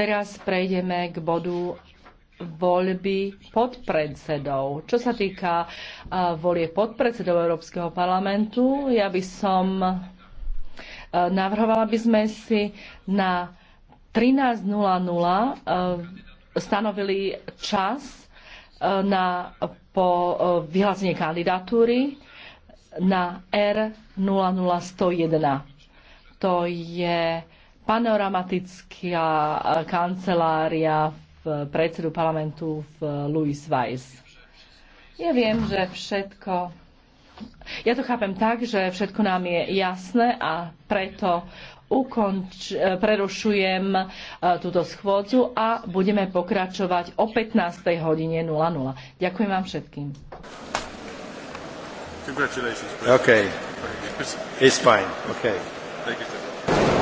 Teraz prejdeme k bodu voľby podpredsedov. Čo sa týka volie podpredsedov Európskeho parlamentu, ja by som navrhovala by sme si na 13.00 stanovili čas na, po vyhlásenie kandidatúry na R00101. To je panoramatická kancelária v predsedu parlamentu v Louis Weiss. Ja viem, že všetko ja to chápem tak, že všetko nám je jasné a preto ukonč, e, prerušujem e, túto schôdzu a budeme pokračovať o 15. hodine 00. Ďakujem vám všetkým. Congratulations. Okay. It's fine. Okay. Thank you.